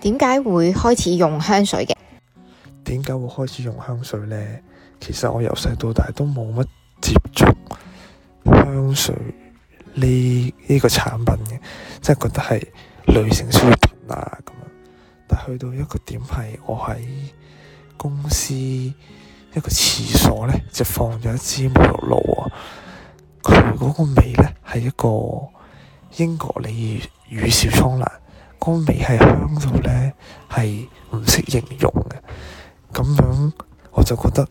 點解會開始用香水嘅？點解會開始用香水呢？其實我由細到大都冇乜接觸香水呢呢個產品嘅，即係覺得係女性商品啊咁樣。但去到一個點係，我喺公司一個廁所呢，就放咗一支沐浴露啊。佢嗰個味呢，係一個英國梨與小蒼蘭。個味係香到咧，係唔識形容嘅咁樣，我就覺得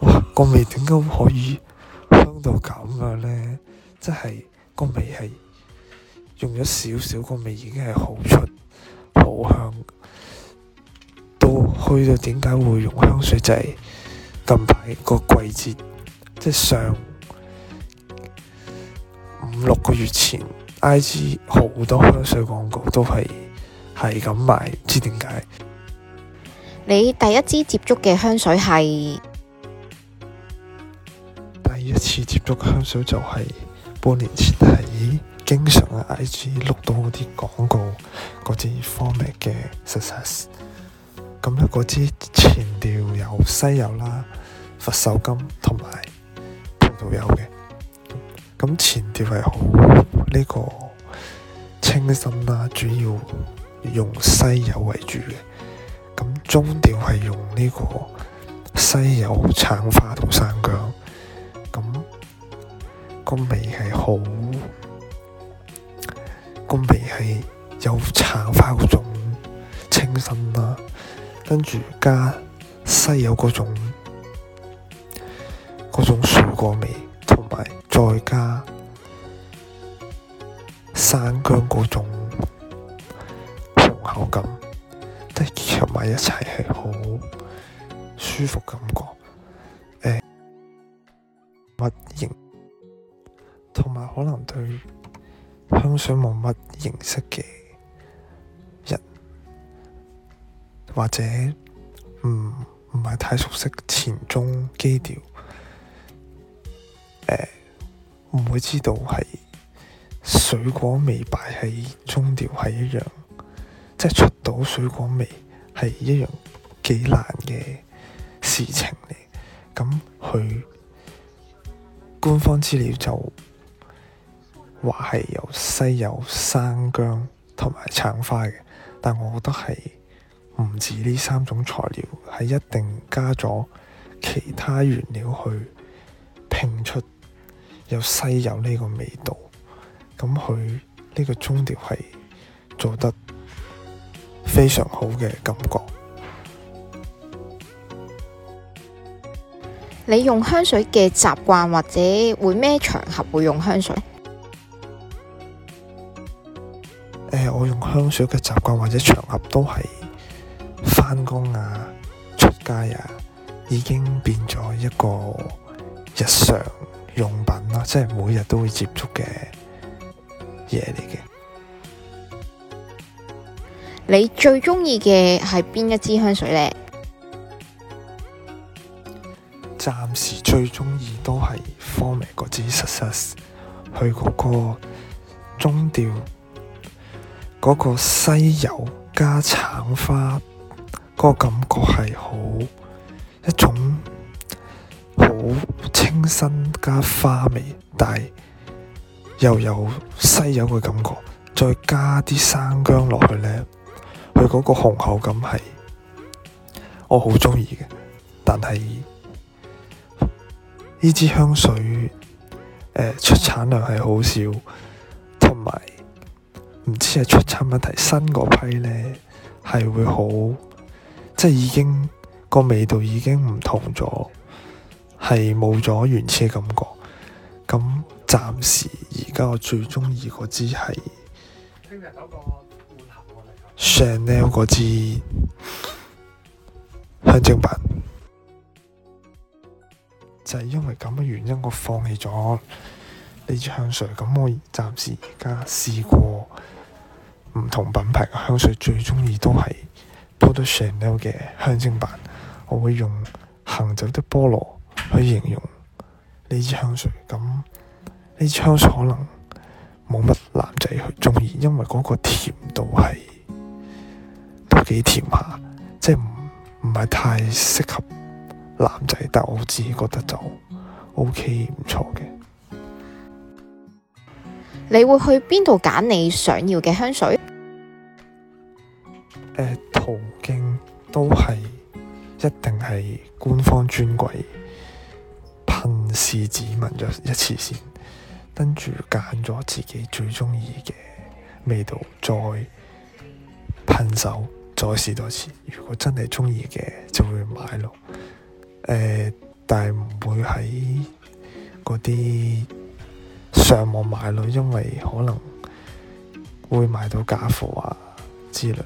哇！個味點解可以香到咁嘅咧？即係個味係用咗少少，個味已經係好出、好香。到去到點解會用香水？就係近排個季節，即係上五六個月前，IG 好多香水廣告都係。係咁買，唔知點解？你第一支接觸嘅香水係？第一次接觸香水就係半年前，係經常喺 IG 碌到嗰啲廣告，嗰支科蜜嘅 success 咁咧，嗰支前調有西柚啦、佛手柑同埋葡萄柚嘅。咁前調係好呢、呢個清新啦，主要。用西柚為主嘅，咁中調係用呢個西柚、橙花同生薑，咁個味係好，個味係有橙花嗰種清新啦，跟住加西柚嗰種，嗰種水果味，同埋再加生薑嗰種。口感的入埋一齊係好舒服感覺，誒、呃，乜型同埋可能對香水冇乜認識嘅人，或者唔唔係太熟悉前中基調，誒、呃，唔會知道係水果味擺喺中調係一樣。即係出到水果味係一樣幾難嘅事情嚟，咁佢官方資料就話係有西柚、生薑同埋橙花嘅，但我覺得係唔止呢三種材料，係一定加咗其他原料去拼出有西柚呢個味道。咁佢呢個中調係做得。非常好嘅感覺。你用香水嘅習慣或者會咩場合會用香水？呃，我用香水嘅習慣或者場合都係翻工啊、出街啊，已經變咗一個日常用品啦、啊，即係每日都會接觸嘅嘢嚟嘅。你最鍾意嘅係邊一支香水咧？暫時最鍾意都係科美嗰支 SUSUS，佢嗰個中調嗰個西柚加橙花嗰個感覺係好一種好清新加花味，但係又有西柚嘅感覺，再加啲生姜落去咧。佢嗰個紅厚感係我好鍾意嘅，但係呢支香水、呃、出產量係好少，同埋唔知係出產問題，新嗰批呢係會好，即係已經個味道已經唔同咗，係冇咗原始感覺。咁暫時而家我最鍾意嗰支係聽日嗰 Chanel 嗰支香精版就係、是、因為咁嘅原因，我放棄咗呢支香水。咁我暫時而家試過唔同品牌嘅香水，最鍾意都係 Polo Chanel 嘅香精版。我會用行走的菠蘿去形容呢支香水。咁呢支香水可能冇乜男仔去鍾意，因為嗰個甜度係。幾甜下，即係唔唔係太適合男仔，但我自己覺得就 OK 唔錯嘅。你會去邊度揀你想要嘅香水？呃，途徑都係一定係官方專櫃，噴試紙聞咗一次先，跟住揀咗自己最中意嘅味道，再噴手。再試多次，如果真係鍾意嘅就會買咯。誒、呃，但係唔會喺嗰啲上網買咯，因為可能會買到假貨啊之類。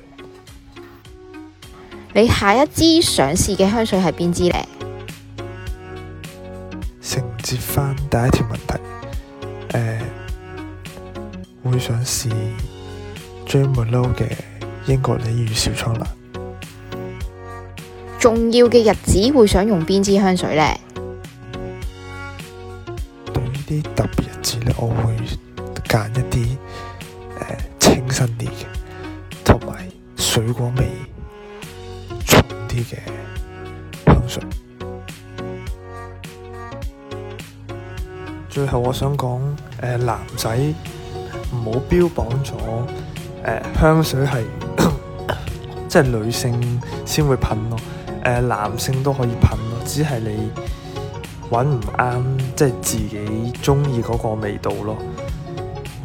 你下一支想試嘅香水係邊支咧？承接翻第一條問題，誒、呃，會想試 Jo Malone 嘅。A 英國的雨小蒼蘭，重要嘅日子會想用邊支香水咧？對呢啲特別日子咧，我會揀一啲誒、呃、清新啲嘅，同埋水果味重啲嘅香水。 最後我想講，誒、呃、男仔唔好標榜咗，誒、呃、 香水係。即係女性先會噴咯，誒、呃、男性都可以噴咯，只係你揾唔啱，即係自己鍾意嗰個味道咯。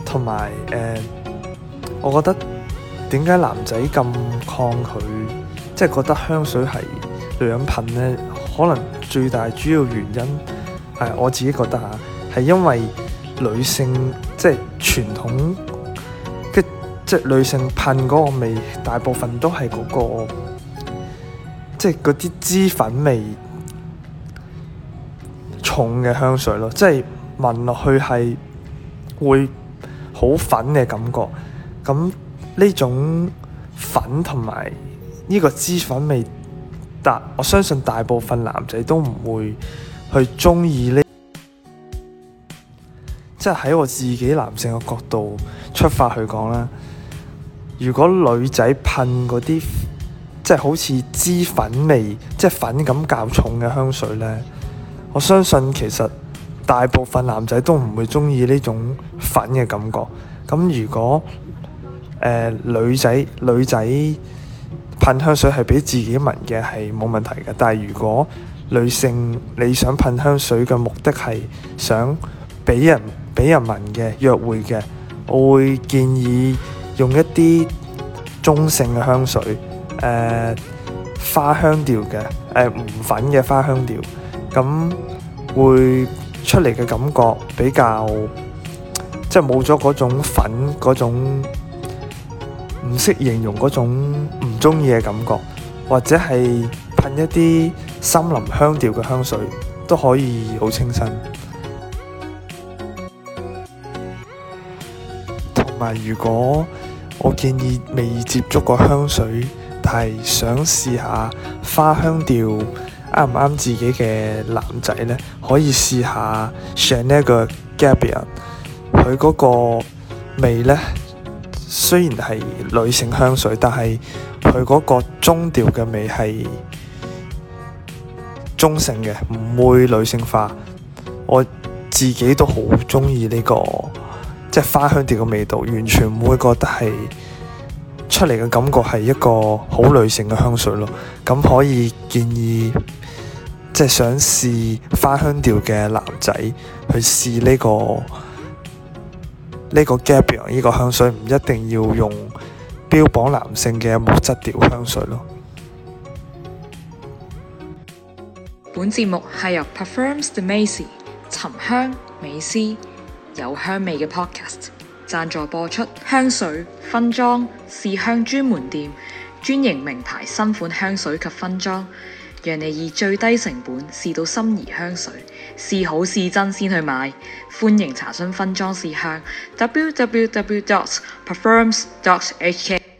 同埋誒，我覺得點解男仔咁抗拒，即係覺得香水係女人噴咧？可能最大主要原因係、呃、我自己覺得吓，係因為女性即係傳統。即女性噴嗰個味，大部分都係嗰個，即嗰啲脂粉味重嘅香水咯，即聞落去係會好粉嘅感覺。咁呢種粉同埋呢個脂粉味，但我相信大部分男仔都唔會去中意呢。即喺我自己男性嘅角度出發去講啦。如果女仔噴嗰啲即係好似脂粉味，即係粉感較重嘅香水呢，我相信其實大部分男仔都唔會鍾意呢種粉嘅感覺。咁如果誒、呃、女仔女仔噴香水係俾自己聞嘅係冇問題嘅，但係如果女性你想噴香水嘅目的係想俾人俾人聞嘅約會嘅，我會建議，用一啲中性嘅香水，誒、呃、花香調嘅，誒、呃、唔粉嘅花香調，咁會出嚟嘅感覺比較即係冇咗嗰種粉，嗰種唔識形容，嗰種唔中意嘅感覺，或者係噴一啲森林香調嘅香水都可以好清新。如果我建議未接觸過香水，但係想試下花香調啱唔啱自己嘅男仔呢可以試下 Chanel 嘅 Gabrielle。佢嗰個味呢，雖然係女性香水，但係佢嗰個中調嘅味係中性嘅，唔會女性化。我自己都好中意呢個。即係花香調嘅味道，完全唔會覺得係出嚟嘅感覺係一個好女性嘅香水咯。咁可以建議，即係想試花香調嘅男仔去試呢個呢個 Gabion 呢個香水，唔一定要用標榜男性嘅木質調香水咯。本節目係由 Perfumes de Macy 沉香美思，有香味嘅 podcast，贊助播出。香水分裝試香專門店，專營名牌新款香水及分裝，讓你以最低成本試到心儀香水，試好試真先去買。歡迎查詢分裝試香 www.performs.hk